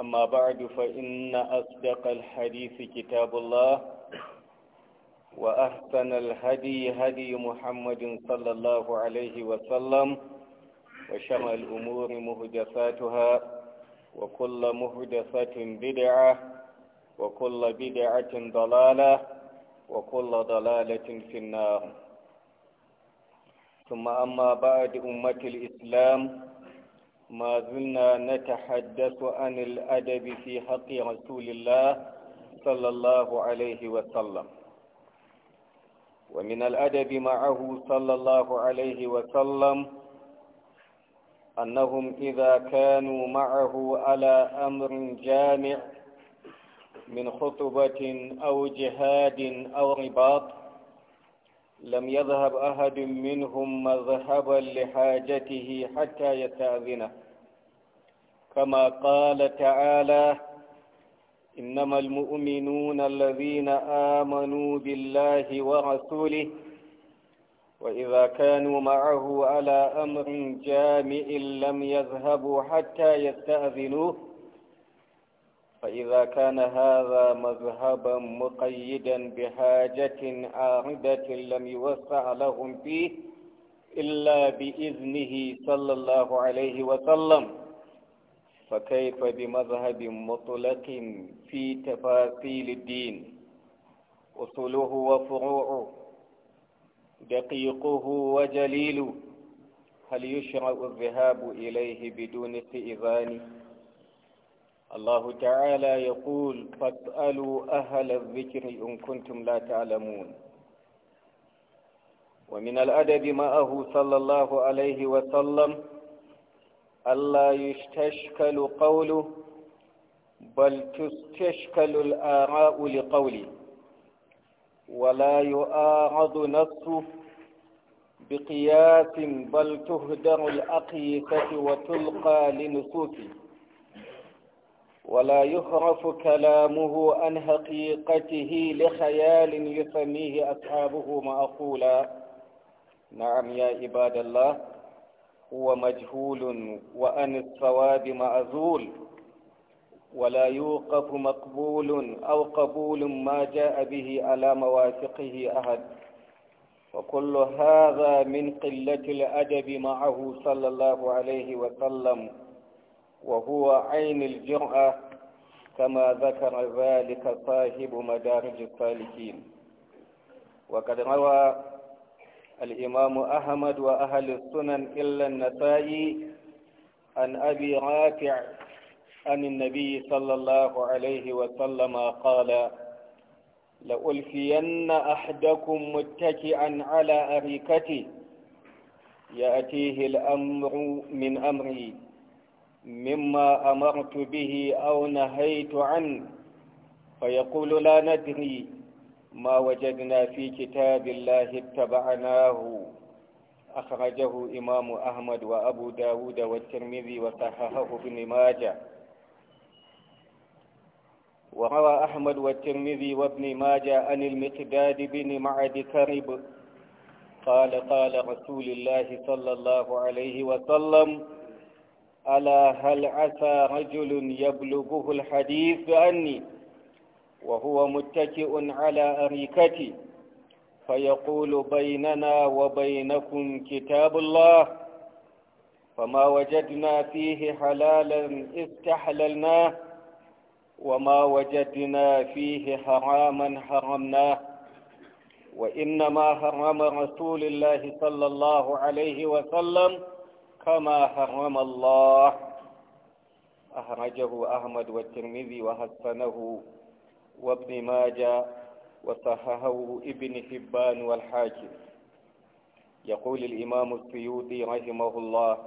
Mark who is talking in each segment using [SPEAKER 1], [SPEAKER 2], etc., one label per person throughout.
[SPEAKER 1] أما بعد فإن أصدق الحديث كتاب الله وأحسن الهدي هدي محمد صلى الله عليه وسلم وشمع الأمور مهدفاتها وكل مهدفة بدعة وكل بدعة ضلالة وكل ضلالة في النار ثم أما بعد أمة الإسلام ما زلنا نتحدث عن الأدب في حق رسول الله صلى الله عليه وسلم ومن الأدب معه صلى الله عليه وسلم أنهم إذا كانوا معه على أمر جامع من خطبة أو جهاد أو رباط لم يذهب أحد منهم مذهبا لحاجته حتى يستأذنه كما قال تعالى إنما المؤمنون الذين آمنوا بالله ورسوله وإذا كانوا معه على أمر جامع لم يذهبوا حتى يستأذنوه فإذا كان هذا مذهبا مقيدا بحاجة عارضة لم يوسع لهم فيه إلا بإذنه صلى الله عليه وسلم فكيف بمذهب مطلق في تفاصيل الدين أصوله وفروعه دقيقه وجليله هل يشرع الذهاب إليه بدون استئذان الله تعالى يقول فاسألوا أهل الذكر إن كنتم لا تعلمون ومن الأدب معه صلى الله عليه وسلم ألا يستشكل قوله بل تستشكل الآراء لقوله ولا يؤاخذ نصه بقياس بل تهدر الأقيسة وتلقى لنصوصه ولا يخرف كلامه عن حقيقته لخيال يسميه أصحابه مأقولا نعم يا عباد الله هو مجهول وأن الصواب معزول ولا يوقف مقبول أو قبول ما جاء به على مواثقه أحد وكل هذا من قلة الأدب معه صلى الله عليه وسلم وهو عين الجرأة كما ذكر ذلك صاحب مدارج السالكين وقد روى الإمام أحمد وأهل السنن إلا النسائي عن أبي رافع عن النبي صلى الله عليه وسلم قال لألفين أحدكم متكئا على أريكته يأتيه الأمر من أمري مما أمرت به أو نهيت عنه فيقول لا ندري ما وجدنا في كتاب الله اتبعناه أخرجه إمام أحمد وأبو داود والترمذي وصححه ابن ماجه وروى أحمد والترمذي وابن ماجه عن المقداد بن معد كرب قال قال رسول الله صلى الله عليه وسلم ألا هل عسى رجل يبلغه الحديث عني وهو متكئ على أريكتي فيقول بيننا وبينكم كتاب الله فما وجدنا فيه حلالا استحللناه وما وجدنا فيه حراما حرمناه وإنما حرم رسول الله صلى الله عليه وسلم كما حرم الله أخرجه أحمد والترمذي وحسنه وابن ماجه وصححه ابن حبان والحاكم يقول الإمام السيوطي رحمه الله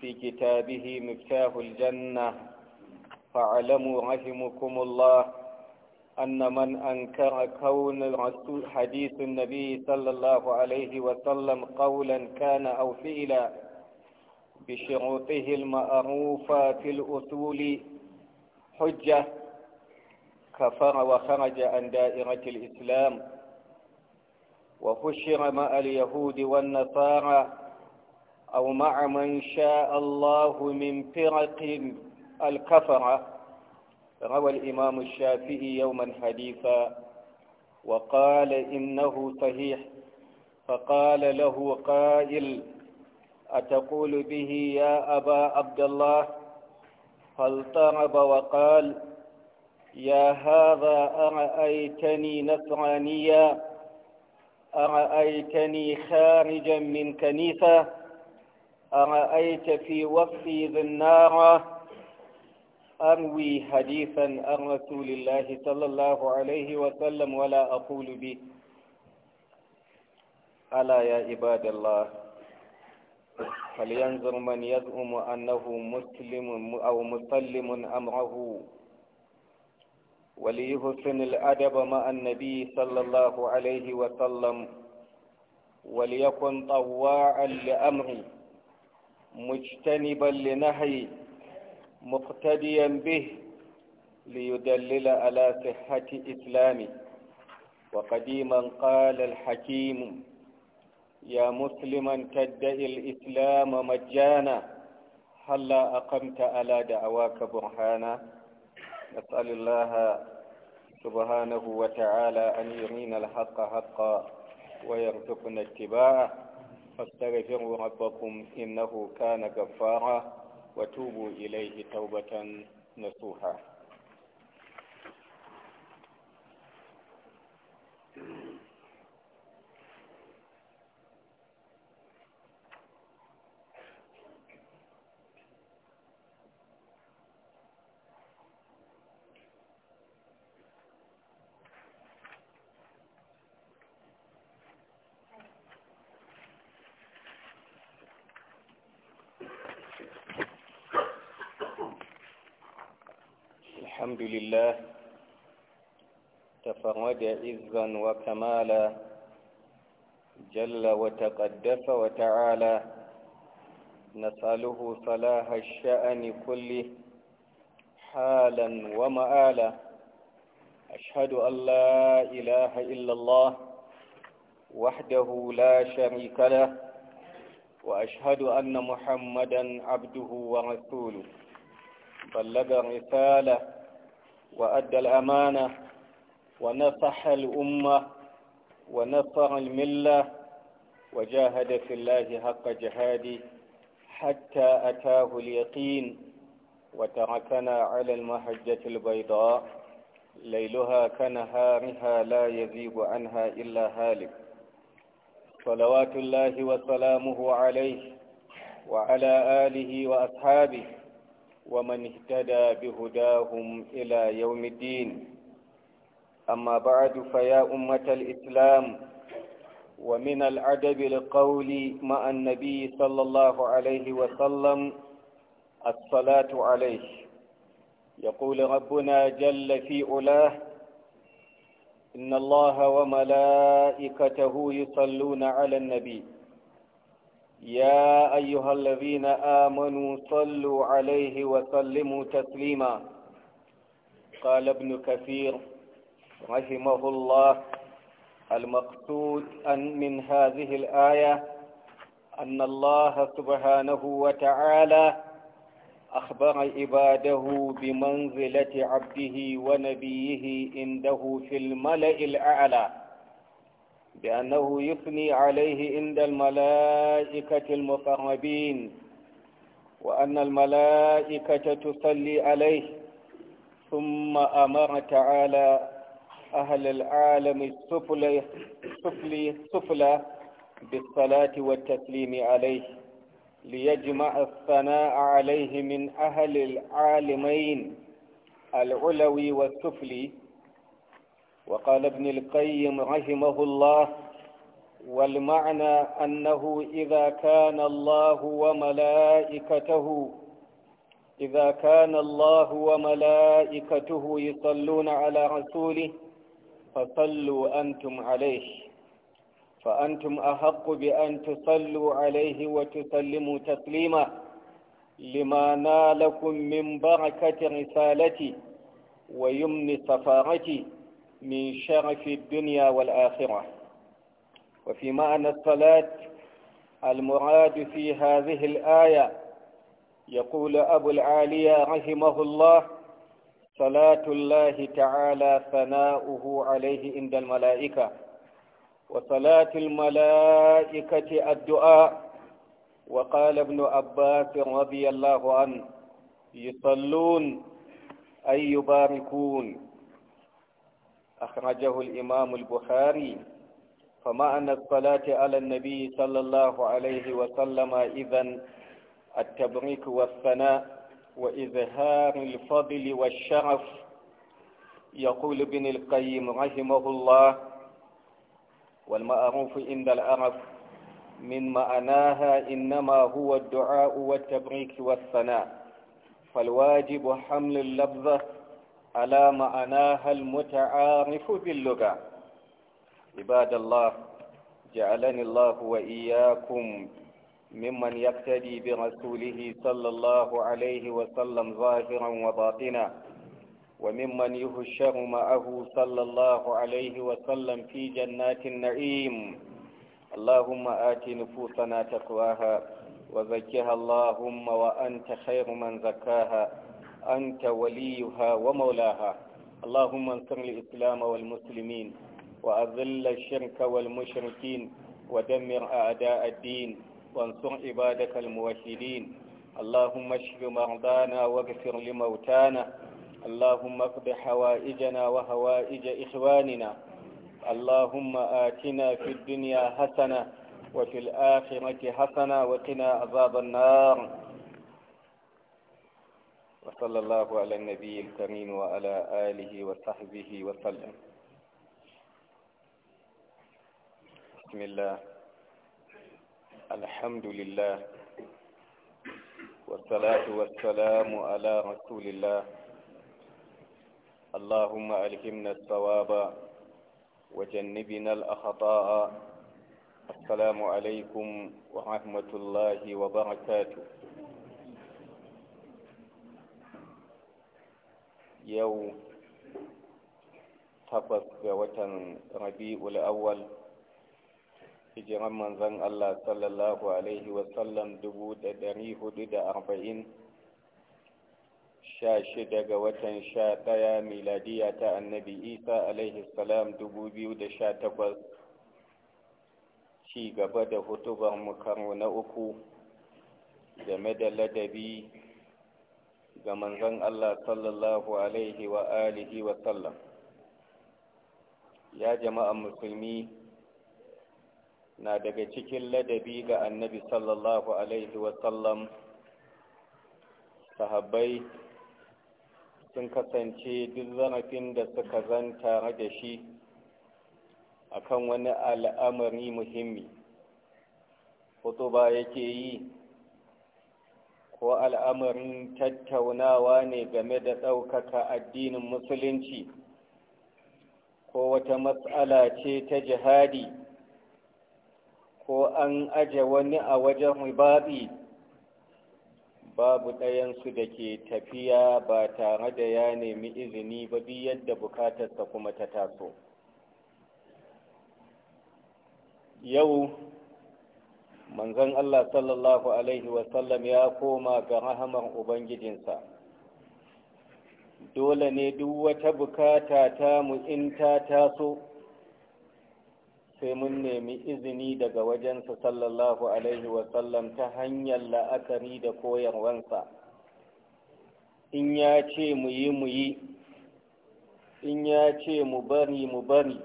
[SPEAKER 1] في كتابه مفتاح الجنة فاعلموا رحمكم الله أن من أنكر كون الرسول حديث النبي صلى الله عليه وسلم قولا كان أو فعلا بشروطه المعروفة في الأصول حجة كفر وخرج عن دائرة الإسلام وحشر مع اليهود والنصارى أو مع من شاء الله من فرق الكفرة روى الإمام الشافعي يوما حديثا وقال إنه صحيح فقال له قائل أتقول به يا أبا عبد الله فالطرب وقال يا هذا أرأيتني نصرانيا أرأيتني خارجا من كنيسة أرأيت في وصفي النار أروي حديثا عن رسول الله صلى الله عليه وسلم ولا أقول به ألا يا عباد الله فلينظر من يزعم أنه مسلم أو مسلم أمره وليحسن الأدب مع النبي صلى الله عليه وسلم وليكن طواعا لأمره مجتنبا لنهي مقتديا به ليدلل على صحة إسلامه وقديما قال الحكيم يا مسلما تدعي الإسلام مجانا هلا أقمت على دعواك برهانا نسأل الله سبحانه وتعالى أن يرينا الحق حقا ويرزقنا اتباعه فاستغفروا ربكم إنه كان غفارا وتوبوا إليه توبة نصوحا الحمد لله تفرد عزا وكمالا جل وتقدس وتعالى نسأله صلاح الشأن كله حالا ومآلا أشهد أن لا إله إلا الله وحده لا شريك له وأشهد أن محمدا عبده ورسوله بلغ رسالة وأدى الأمانة ونصح الأمة ونصر الملة وجاهد في الله حق جهاده حتى أتاه اليقين وتركنا على المحجة البيضاء ليلها كنهارها لا يذيب عنها إلا هالك صلوات الله وسلامه عليه وعلى آله وأصحابه ومن اهتدى بهداهم إلى يوم الدين أما بعد فيا أمة الإسلام ومن العدب القول مع النبي صلى الله عليه وسلم الصلاة عليه يقول ربنا جل في علاه إن الله وملائكته يصلون على النبي يا أيها الذين آمنوا صلوا عليه وسلموا تسليما قال ابن كثير رحمه الله المقصود أن من هذه الآية أن الله سبحانه وتعالى أخبر عباده بمنزلة عبده ونبيه عنده في الملأ الأعلى بأنه يثني عليه عند الملائكة المقربين وأن الملائكة تصلي عليه ثم أمر تعالى أهل العالم السفلى السفلى السفلى بالصلاة والتسليم عليه ليجمع الثناء عليه من أهل العالمين العلوي والسفلي وقال ابن القيم رحمه الله والمعنى أنه إذا كان الله وملائكته إذا كان الله وملائكته يصلون على رسوله فصلوا أنتم عليه فأنتم أحق بأن تصلوا عليه وتسلموا تسليما لما نالكم من بركة رسالتي ويمن سفارتي من شرف الدنيا والآخرة وفي معنى الصلاة المراد في هذه الآية يقول أبو العالية رحمه الله صلاة الله تعالى ثناؤه عليه عند الملائكة وصلاة الملائكة الدعاء وقال ابن عباس رضي الله عنه يصلون أي يباركون أخرجه الإمام البخاري فمعنى الصلاة على النبي صلى الله عليه وسلم إذا التبريك والثناء وإظهار الفضل والشرف يقول ابن القيم رحمه الله والمعروف عند العرب من معناها إنما هو الدعاء والتبريك والثناء فالواجب حمل اللفظة على معناها المتعارف باللغة عباد الله جعلني الله وإياكم ممن يقتدي برسوله صلى الله عليه وسلم ظاهرا وباطنا وممن يهشر معه صلى الله عليه وسلم في جنات النعيم اللهم آت نفوسنا تقواها وزكها اللهم وأنت خير من زكاها أنت وليها ومولاها اللهم انصر الإسلام والمسلمين وأذل الشرك والمشركين ودمر أعداء الدين وانصر عبادك الموحدين اللهم اشف مرضانا واغفر لموتانا اللهم اقض حوائجنا وهوائج إخواننا اللهم آتنا في الدنيا حسنة وفي الآخرة حسنة وقنا عذاب النار وصلى الله على النبي الكريم وعلى آله وصحبه وسلم بسم الله الحمد لله والصلاة والسلام على رسول الله اللهم ألهمنا الصواب وجنبنا الأخطاء السلام عليكم ورحمة الله وبركاته yau takwas ga watan rabi'ul awwal hijiran manzan Allah sallallahu alaihi wasallam dubu da dari hudu da arba'in sha shida ga watan sha ɗaya miladiya ta annabi isa alaihi salam dubu biyu da sha takwas ci gaba da hutubar mu karo na uku game da ladabi ga manzon Allah sallallahu alaihi wa alihi wa sallam ya jama'an musulmi na daga cikin ladabi ga annabi sallallahu alaihi wa sallam sahabbai sun kasance duk zanafin da suka zan tare da shi akan wani al'amari muhimmi hutuba yake yi ko al'amarin tattaunawa ne game da ɗaukaka addinin musulunci ko wata matsala ce ta jihadi ko an aje wani a wajen ribaɗi babu ɗayansu da ke tafiya ba tare da ya nemi izini ba yadda bukatarsa kuma ta taso yau manzon Allah sallallahu alaihi wasallam ya koma ga rahaman ubangijinsa dole ne duk wata bukata ta mu in ta taso sai mun nemi izini daga wajensa sallallahu alaihi wasallam ta hanyar la'akari da koyarwansa in ya ce mu yi mu yi in ya ce mu bari mu bari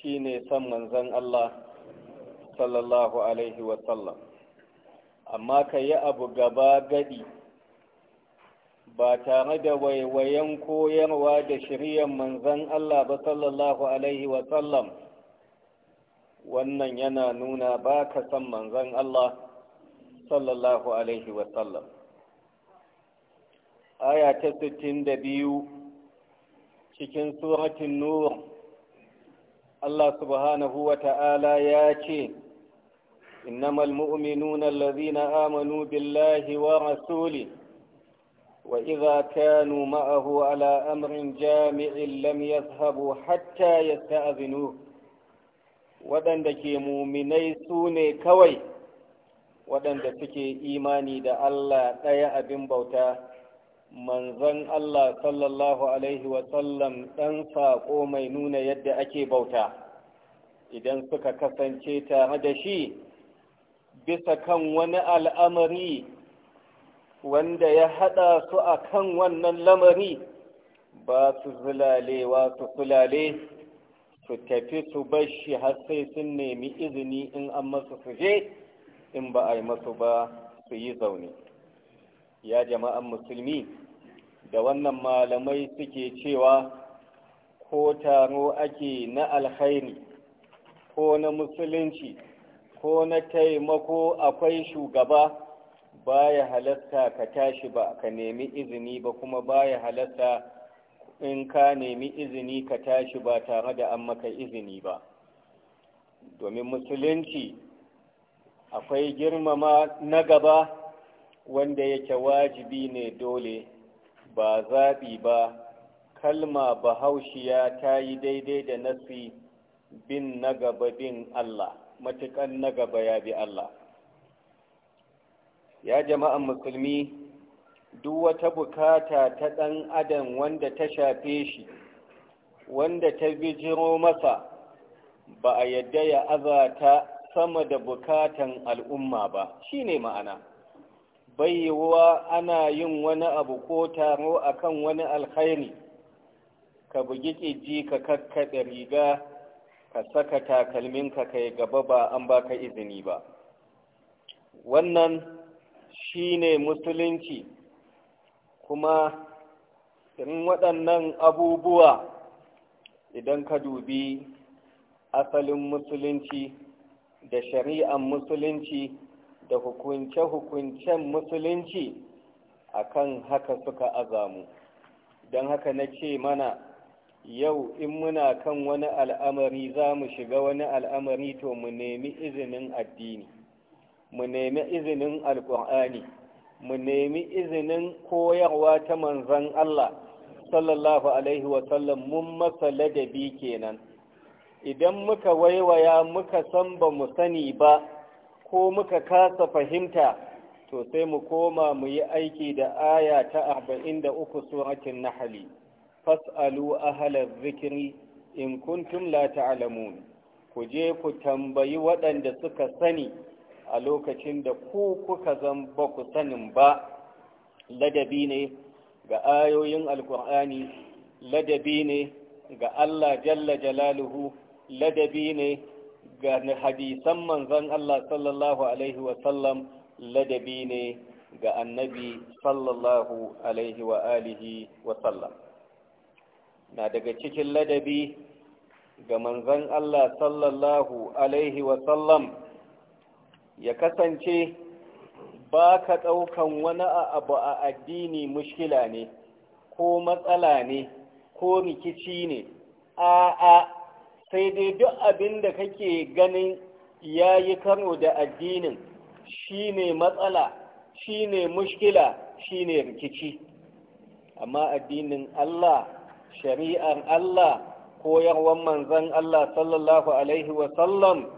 [SPEAKER 1] shi ne son manzan Allah sallallahu alaihi wasallam amma ka yi abu gaba gadi ba tare da waiwayen koyarwa da shiryan manzan Allah ba sallallahu alaihi wasallam wannan yana nuna ba ka san manzan Allah sallallahu alaihi wasallam aya ta biyu cikin suratun nur Allah subhanahu wa ta'ala ya ce إنما المؤمنون الذين آمنوا بالله ورسوله وإذا كانوا معه على أمر جامع لم يذهبوا حتى يستأذنوه waɗanda ke muminai sune kawai waɗanda suke imani da Allah ɗaya abin bauta manzon Allah sallallahu Alaihi wasallam ɗan saƙo mai nuna yadda ake bauta idan suka kasance tare da shi bisa kan wani al'amari wanda ya haɗa su a kan wannan lamari ba su zulalewa su kulale su tafi su bashi har sai sun nemi izini in an masu suje in ba a yi masu ba su yi zaune ya jama'an musulmi da wannan malamai suke cewa ko taro ake na alkhairi ko na musulunci ko na taimako akwai shugaba baya halatta ka tashi ba ka nemi izini ba kuma baya halatta in ka nemi izini ka tashi ba tare da an maka izini ba domin musulunci akwai girmama na gaba wanda yake wajibi ne dole ba zaɓi ba kalma bahaushiya ta yi daidai da nasi bin na gaba bin Allah matukan na gaba ya bi Allah ya jama'an musulmi duk wata bukata ta ɗan adam wanda ta shafe shi wanda ta bijiro masa ba a yadda ya azata sama da bukatan al'umma ba Shi ne ma'ana Bayyewa ana yin wani abu ko taro akan wani alkhairi ka bugi ƙiji ka kakkaɗe riga ka saka takalmin ka kai gaba ba an baka izini ba wannan shine musulunci kuma in waɗannan abubuwa idan ka dubi asalin musulunci da shari'an musulunci da hukunce-hukuncen musulunci akan haka suka azamu don haka na ce mana yau in muna kan wani al'amari za mu shiga wani al'amari to mu nemi izinin addini mu nemi izinin alƙur'ani mu nemi izinin koyarwa ta manzan Allah sallallahu alaihi wasallam mun masa ladabi kenan idan muka waiwaya muka san ba mu sani ba ko muka kasa fahimta to sai mu koma mu yi aiki da aya ta 43 suratul nahli fas'alu ahalar zikiri in kuntum la ta'lamun ku je ku tambayi waɗanda suka sani a lokacin da ku kuka zan ba ku sanin ba ladabi ne ga ayoyin alkur'ani ladabi ne ga Allah jalla jalaluhu ladabi ne ga hadisan manzon Allah sallallahu alaihi sallam ladabi ne ga annabi sallallahu alaihi wa alihi na daga cikin ladabi ga manzon Allah sallallahu alaihi wasallam ya kasance ba ka ɗaukan wani abu a addini mushkila ne ko matsala ne ko rikici ne a'a sai dai duk abin da kake ganin ya yi karo da addinin shi ne matsala shi ne mushkila shi ne rikici amma addinin Allah shari'an Allah koyarwan manzan Allah sallallahu alaihi wasallam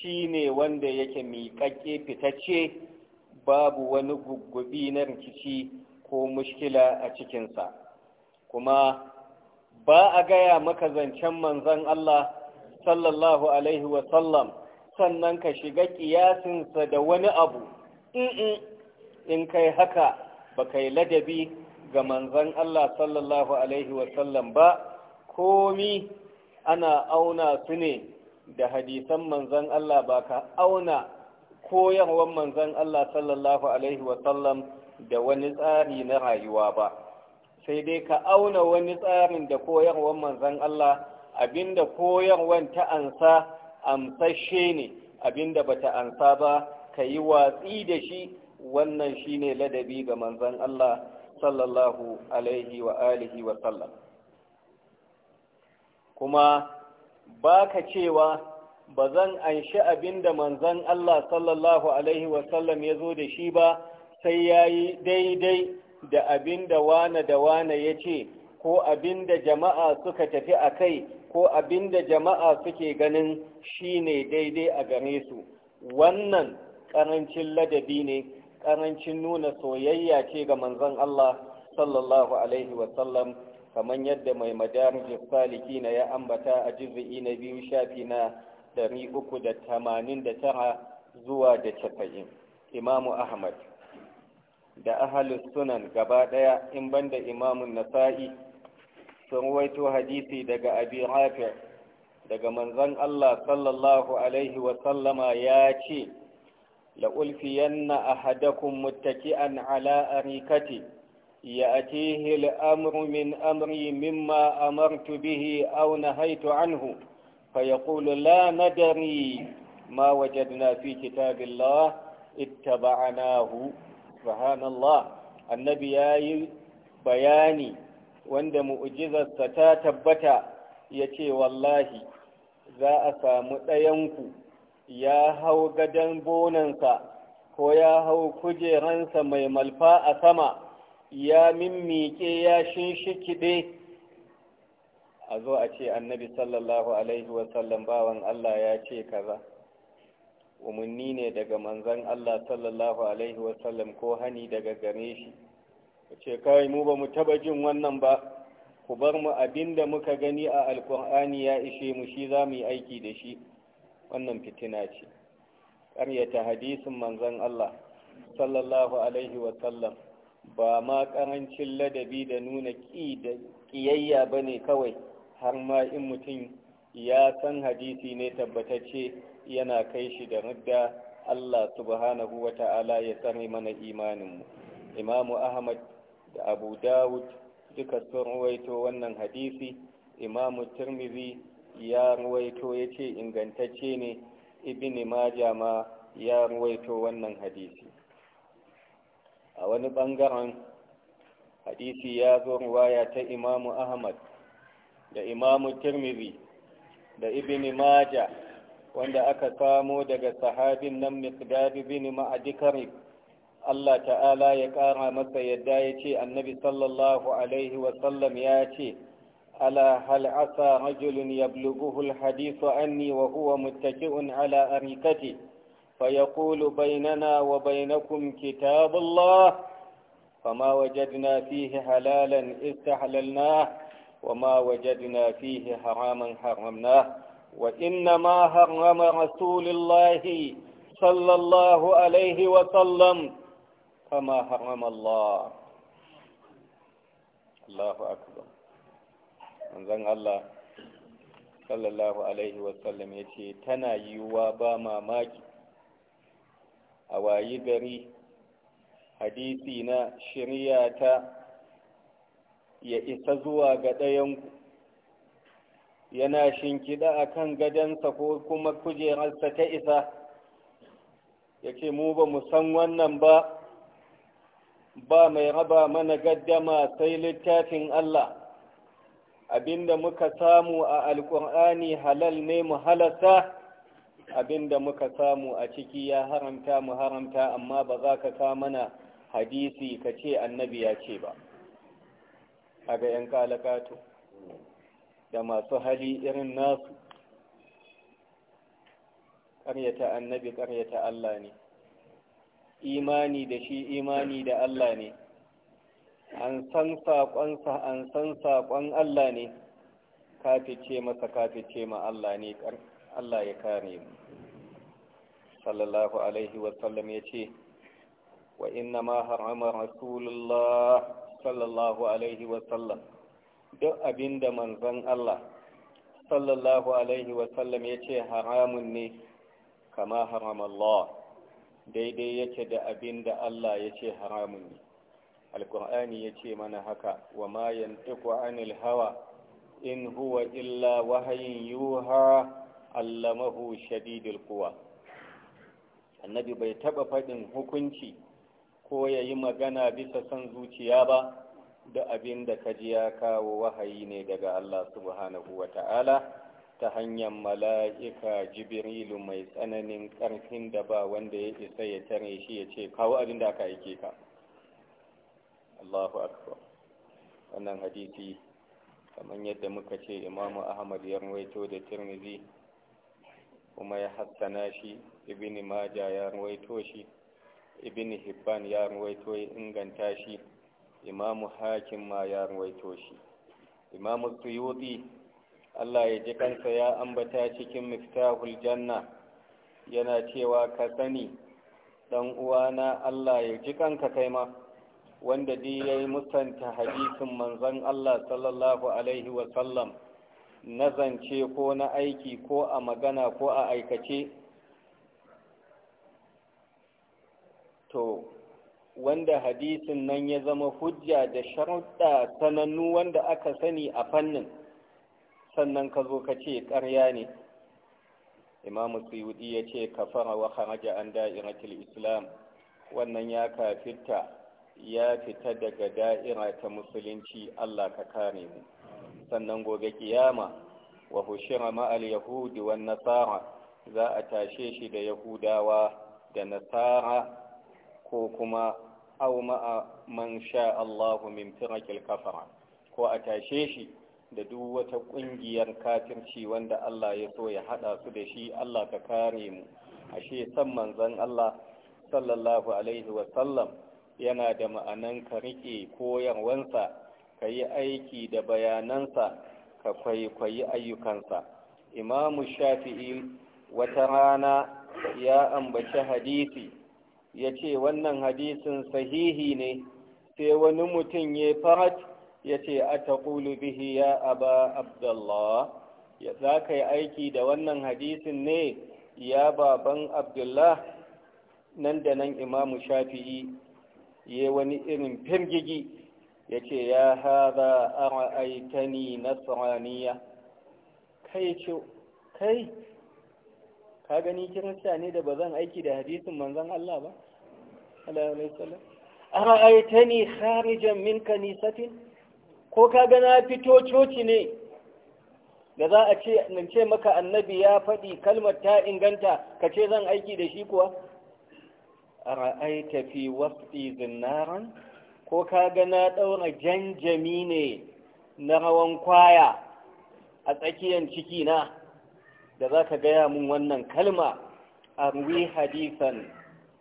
[SPEAKER 1] shi ne wanda yake miƙaƙe fitacce babu wani gugubi na rikici ko mushkila a cikinsa kuma ba a gaya maka zancen manzan Allah sallallahu alaihi wasallam sannan ka shiga ƙiyasinsa da wani abu in kai haka ba kai ladabi ga manzan Allah sallallahu Alaihi wasallam ba komi ana auna su ne da hadisan manzan Allah ba ka auna koyarwar manzan Allah sallallahu Alaihi wasallam da wani tsari na rayuwa ba sai dai ka auna wani tsarin da koyarwar manzan Allah abinda koyarwar ta ansa amsashe ne abinda bata ansa ba ka yi watsi da shi wannan shine ladabi ga manzan Allah sallallahu alaihi wa alihi wa sallam kuma baka cewa ba zan anshi abinda manzon Allah sallallahu alaihi wa sallam ya zo da shi ba sai yayi daidai da abinda wane da wane ya ce ko abinda jama'a suka tafi a kai ko abinda jama'a suke ganin shi ne daidai a gare su wannan ƙarancin ladabi ne ƙarancin nuna soyayya ce ga manzon Allah sallallahu alaihi wasallam kamar yadda mai madarijin saliki na ya ambata a jizui na biyu shafi na 389 zuwa da casa'in imamu ahmad da ahalus sunan gaba ɗaya in banda imamun nasa'i sun waito hadisi daga abi hafiz daga manzon Allah sallallahu alaihi wasallama ya ce la'ulfiyanna ahadakum muttaki'an ala arikati ya'tihi al'amru min amri mimma amartu bihi aw nahaytu anhu fa yaqulu la nadari ma wajadna fi kitabillah ittaba'nahu subhanallah annabi yayi bayani wanda mu'jizarsa ta tabbata yace wallahi za a samu ɗayanku. ya hau gadon bonansa ko ya hau kujeransa mai malfa a sama ya mimmike ya shinshikide a zo a ce annabi sallallahu alaihi wasallam bawan Allah ya ce kaza umarni ne daga manzan Allah sallallahu alaihi wasallam ko hani daga game shi ce kawai mu ba mu taba jin wannan ba ku bar mu abinda muka gani a alkur'ani ya ishe mu shi za mu yi aiki da shi wannan fitina ce ƙaryata hadisin manzon Allah sallallahu alaihi wasallam ba ma ƙarancin ladabi da nuna ƙi da ƙiyayya ba ne kawai har ma in mutum ya san hadisi ne tabbatacce yana kai shi da rudda Allah subhanahu wa ta'ala ya tsare mana imaninmu imamu ahmad da abu dawud duka sun ruwaito wannan hadisi imamu tirmidhi ya ruwaito ya ce ingantacce ne ibini maja ma ya ruwaito wannan hadisi a wani ɓangaren hadisi ya zo ruwaya ta imamu ahmad da imamu tirmidhi da ibini maja wanda aka samo daga sahabin nan miqdad ibn ma'adi Allah ta'ala ya ƙara masa yadda ya ce annabi sallallahu alaihi wasallam ya ce ألا هل عسى رجل يبلغه الحديث عني وهو متكئ على أريكته فيقول بيننا وبينكم كتاب الله فما وجدنا فيه حلالا استحللناه وما وجدنا فيه حراما حرمناه وإنما حرم رسول الله صلى الله عليه وسلم كما حرم الله الله أكبر manzon Allah sallallahu alaihi wasallam ya ce tana yiwuwa ba mamaki a wayi gari hadisi na shirya ta ya isa zuwa ga ɗayanku yana shinkiɗa a kan gadonsa ko kuma kujerarsa ta isa ya ce mu ba mu san wannan ba ba mai raba mana gaddama sai littafin Allah abinda muka samu a alƙur'ani halal ne mu halasa abinda muka samu a ciki ya haramta mu haramta amma ba za ka sa mana hadisi ka ce annabi ya ce ba a ga 'yan kalakato da masu hali irin nasu ƙaryata annabi ƙaryata Allah ne imani da shi imani da Allah ne an san saƙonsa an san saƙon Allah ne kafice masa kafice ma Allah ne Allah ya kare mu sallallahu alaihi sallam ya ce wa inna ma harama rasulullah sallallahu alaihi wa sallam duk abinda manzon Allah sallallahu alaihi sallam ya ce haramun ne kama harama Allah daidai yake da abinda Allah ya ce haramun ne alkur'ani ya ce mana haka wa ma yantiqu anil hawa in huwa illa wahayin yuha allamahu shadidul quwa annabi bai taba faɗin hukunci ko ya yi magana bisa son zuciya ba da abin da kaji ya kawo wahayi ne daga Allah subhanahu wa ta hanyar mala'ika jibrilu mai tsananin ƙarfin da ba wanda ya isa ya tare shi ya ce kawo abin da aka aike ka Allahu akbar wannan hadisi kamar yadda muka ce imamu ahmad ya rawaito da tirmizi kuma ya hassana shi Ibini maja ya rawaito shi Ibini hibban ya rawaito ya inganta shi imamu hakim ma ya rawaito shi imamu suyuti Allah ya ji kansa ya ambata cikin miftahul janna yana cewa ka sani dan uwana Allah ya ji kanka kai ma wanda dai ya yi musanta hadisin manzon Allah sallallahu Alaihi wasallam na zance ko na aiki ko a magana ko a aikace to wanda hadisin nan ya zama hujja da sharuɗa sanannu wanda aka sani a fannin sannan ka zo ka ce ƙarya ne imamu suyudi ya ce ka fara wa haraja an da'iratul islam wannan ya kafirta ya fita daga da'ira ta musulunci Allah ka kare mu sannan gobe kiyama wa hushira ma'al yahudi wan nasara za a tashe shi da yahudawa da nasara ko kuma au ma'a man sha Allahu min firakil kafara ko a tashe shi da duk wata kungiyar kafirci wanda Allah ya so ya haɗa su da shi Allah ka kare mu ashe san manzon Allah sallallahu alaihi wa sallam yana da ma'anan ka riƙe koyarwansa ka yi aiki da bayanansa ka kwaikwayi ayyukansa imamu shafi'i wata rana ya ambaci hadisi ya ce wannan hadisin sahihi ne sai wani mutum ya farat ya ce a taƙulu bihi ya aba abdullawa ya za ka yi aiki da wannan hadisin ne ya baban abdullah nan da nan imamu shafi'i ya wani irin firgigi ya ce ya haza a na nasraniya kai ce kai ka gani kirista ne da ba zan aiki da hadisin manzan Allah ba a ra'aitani harijan minka kanisatin ko ka gana fito coci ne da za a ce maka annabi ya faɗi kalmar ta inganta ka ce zan aiki da shi kuwa ra'aita fi wasfi zinnaran ko kaga na ɗaura janjami ne na rawan kwaya a tsakiyar ciki na da za ka gaya mun wannan kalma a ruwi hadisan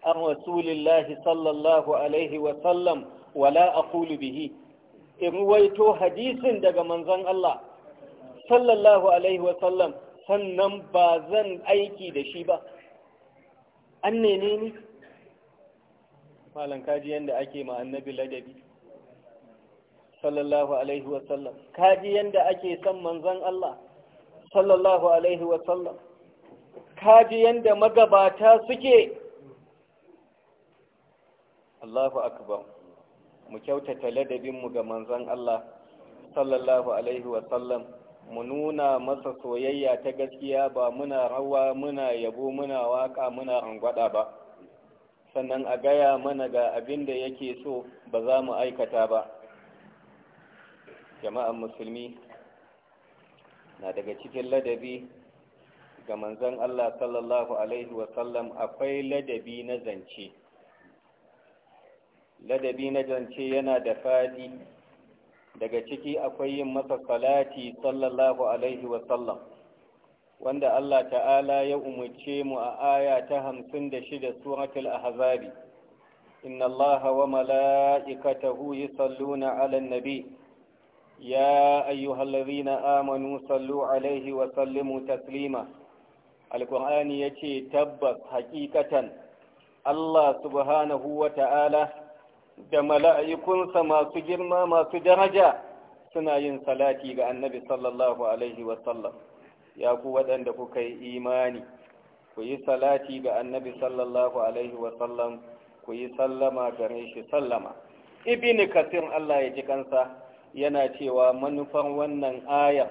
[SPEAKER 1] an rasulillahi sallallahu alaihi wasallam wala a bihi in waito hadisin daga manzon Allah sallallahu alaihi wasallam sannan ba zan aiki da shi ba an nene ni malam kaji yadda ake ma annabi ladabi sallallahu alaihi wasallam kaji yadda ake son manzon Allah sallallahu alaihi wasallam kaji yadda magabata suke Allahu akbar mu kyautata ladabinmu ga manzon Allah sallallahu alaihi wasallam mu nuna masa soyayya ta gaskiya ba muna rawa muna yabo muna waka muna rangwada ba sannan a gaya mana ga abin da yake so ba za mu aikata ba jama'an musulmi na daga cikin ladabi ga manzan Allah sallallahu alaihi wasallam akwai ladabi na zance ladabi na zance yana da fadi daga ciki akwai yin masa salati sallallahu alaihi wasallam wanda Allah ta'ala ya umarce mu a aya ta hamsin da shida suratul ahzabi inna Allah wa mala'ikatahu yusalluna 'alan nabi ya ayyuhallazina amanu sallu 'alaihi wa sallimu taslima alqur'ani yace tabbas haqiqatan Allah subhanahu wa ta'ala da mala'ikunsa masu girma masu daraja suna yin salati ga annabi sallallahu alaihi wa sallam ya ku waɗanda kuka yi imani ku yi salati ga annabi sallallahu alaihi wasallam ku yi sallama gare shi sallama ibn kasir Allah ya ji kansa yana cewa manufan wannan aya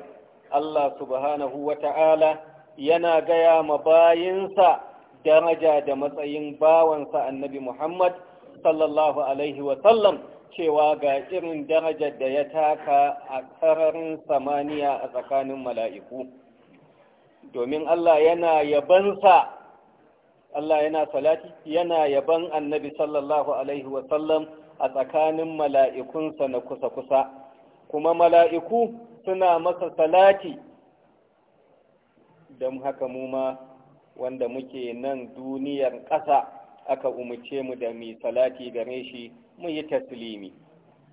[SPEAKER 1] Allah subhanahu Ta'ala yana gaya ma bayinsa daraja da matsayin bawansa annabi Muhammad sallallahu alaihi wasallam cewa ga irin darajar da ya taka a sararin samaniya a tsakanin mala'iku. domin Allah yana yabansa Allah yana salati yana yaban annabi sallallahu alaihi wasallam a tsakanin mala'ikunsa na kusa-kusa kuma mala'iku suna masa salati don haka mu ma wanda muke nan duniyar ƙasa aka umarce mu da mai salati gare shi mu yi taslimi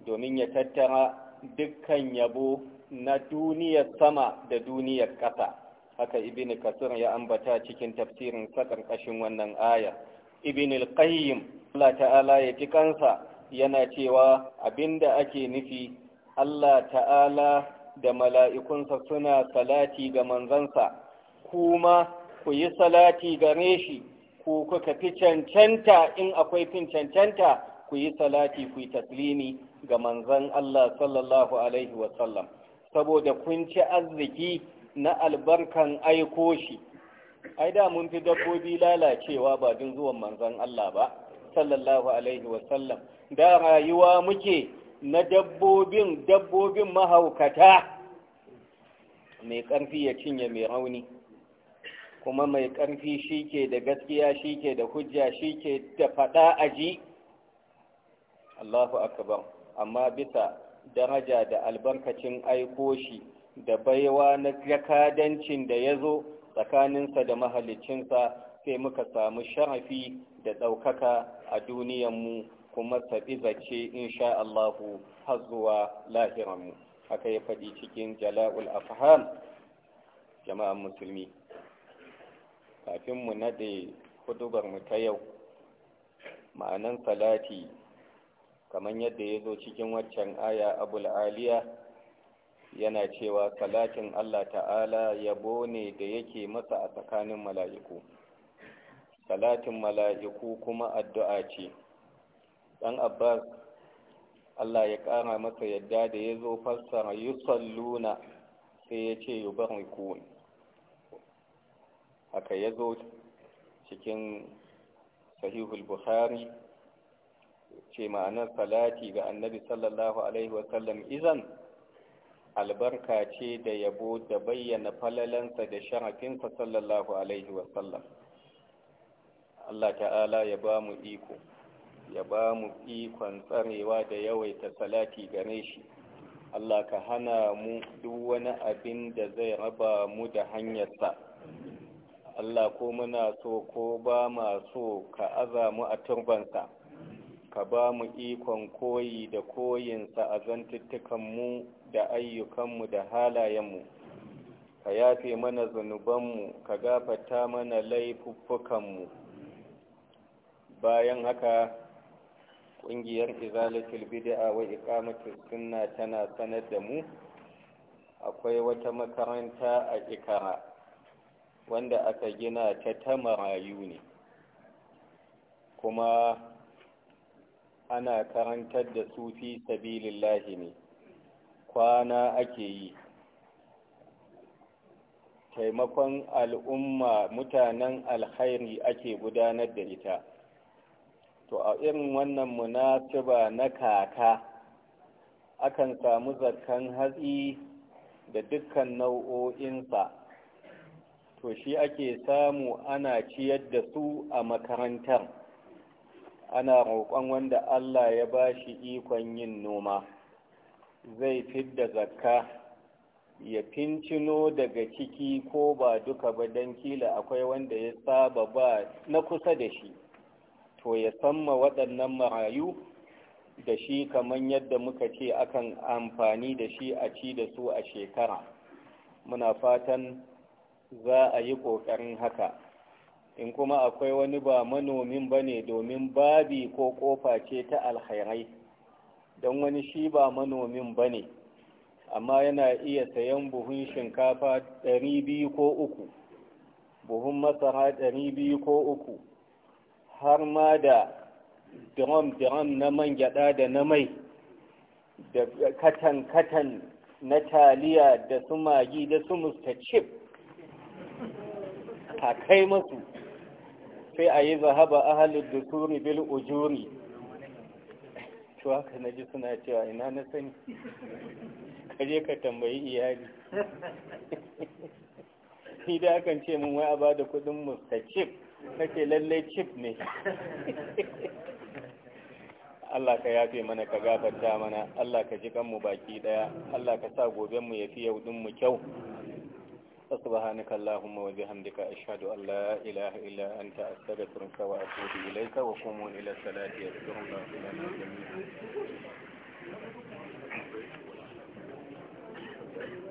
[SPEAKER 1] domin ya tattara dukkan yabo na duniyar sama da duniyar ƙasa haka ibn kasir ya ambata cikin tafsirin saƙarƙashin kashin wannan aya ibini alqayyim Allah ta'ala ya ji kansa yana cewa abinda ake nufi Allah ta'ala da mala'ikunsa suna salati ga manzansa kuma ku yi salati gare shi ku kuka fi cancanta in akwai fin cancanta ku yi salati ku yi taslimi ga manzan Allah sallallahu alaihi wasallam saboda kun ci arziki na albarkan aiko shi ai da mun fi dabbobi lalacewa ba jin zuwan manzon Allah ba sallallahu alaihi wasallam da rayuwa muke na dabbobin dabbobin mahaukata mai ƙarfi ya cinye mai rauni kuma mai ƙarfi shi ke da gaskiya shi ke da hujja shi ke da faɗa ji Allahu akabar. amma bisa daraja da albarkacin aiko shi da baiwa na jakadancin da ya zo tsakaninsa da mahalicinsa sai muka samu sharafi da ɗaukaka a duniyanmu kuma sabi zace insha Allahu har zuwa lahiranmu haka ya faɗi cikin jala'ul afham jama'an musulmi kafin mu nade mu ta yau ma'anan salati kamar yadda ya zo cikin waccan aya abul aliya yana cewa salatin Allah ta'ala yabo ne da yake masa a tsakanin mala'iku salatin mala'iku kuma addu'a ce ɗan abbas Allah ya ƙara masa yadda da ya zo fassara yusalluna sai ya ce yubarikun haka ya zo cikin sahihul bukhari ce ma'anar salati ga annabi sallallahu alaihi wasallam izan albarka ce da yabo da bayyana falalansa da sharafinsa sallallahu alaihi wasallam Allah ta'ala ya ba mu iko ya ba mu ikon tsarewa da yawaita salati gare shi Allah ka hana mu duk wani abin da zai raba mu da hanyarsa Allah ko muna so ko ba ma so ka aza mu a turbansa ka ba mu ikon koyi da koyinsa a zantuttukan mu. da ayyukanmu da halayenmu ka yafe mana zunubanmu ka gafata mana laifuffukanmu bayan haka ƙungiyar izalatul bid'a wa iqamatus sunna tana sanar da mu akwai wata makaranta a ikara wanda aka gina ta ta marayu ne kuma ana karantar da sufi sabilillahi ne kwana ake yi taimakon al'umma mutanen alkhairi ake gudanar da ita to a irin wannan munasiba na kaka akan samu zakkan hatsi da dukkan nau'o'insa to shi ake samu ana ciyar da su a makarantar ana roƙon wanda Allah ya ba shi ikon yin noma zai fidda zakka ya fincino daga ciki ko ba duka ba don kila akwai wanda ya saba ba na kusa da shi to ya samma waɗannan marayu da shi kamar yadda muka ce akan amfani da shi a ci da su a shekara muna fatan za a yi ƙoƙarin haka in kuma akwai wani ba manomin ba ne domin babi ko ƙofa ce ta alhairai don wani shi ba manomin ba ne amma yana iya sayan buhun shinkafa biyu ko uku buhun masara biyu ko uku har ma da drum diram na man gyada da na mai da katan-katan na taliya da su magi da su musta chip a kai masu sai a yi zahaba ahalin da dusuri bil ujuri to haka na ji suna cewa ina na sani kaje ka tambayi iyali ni da akan ce mun wai a ba da kudin musta chip kake lallai chip ne Allah ka yafe mana ka gafarta mana Allah ka ji kanmu baki daya Allah ka sa gobenmu ya fi yau mu kyau سبحانك اللهم وبحمدك أشهد أن لا إله إلا أنت أستغفرك وأتوب إليك وقوموا إلى الصلاة يذكر الله لنا جميعا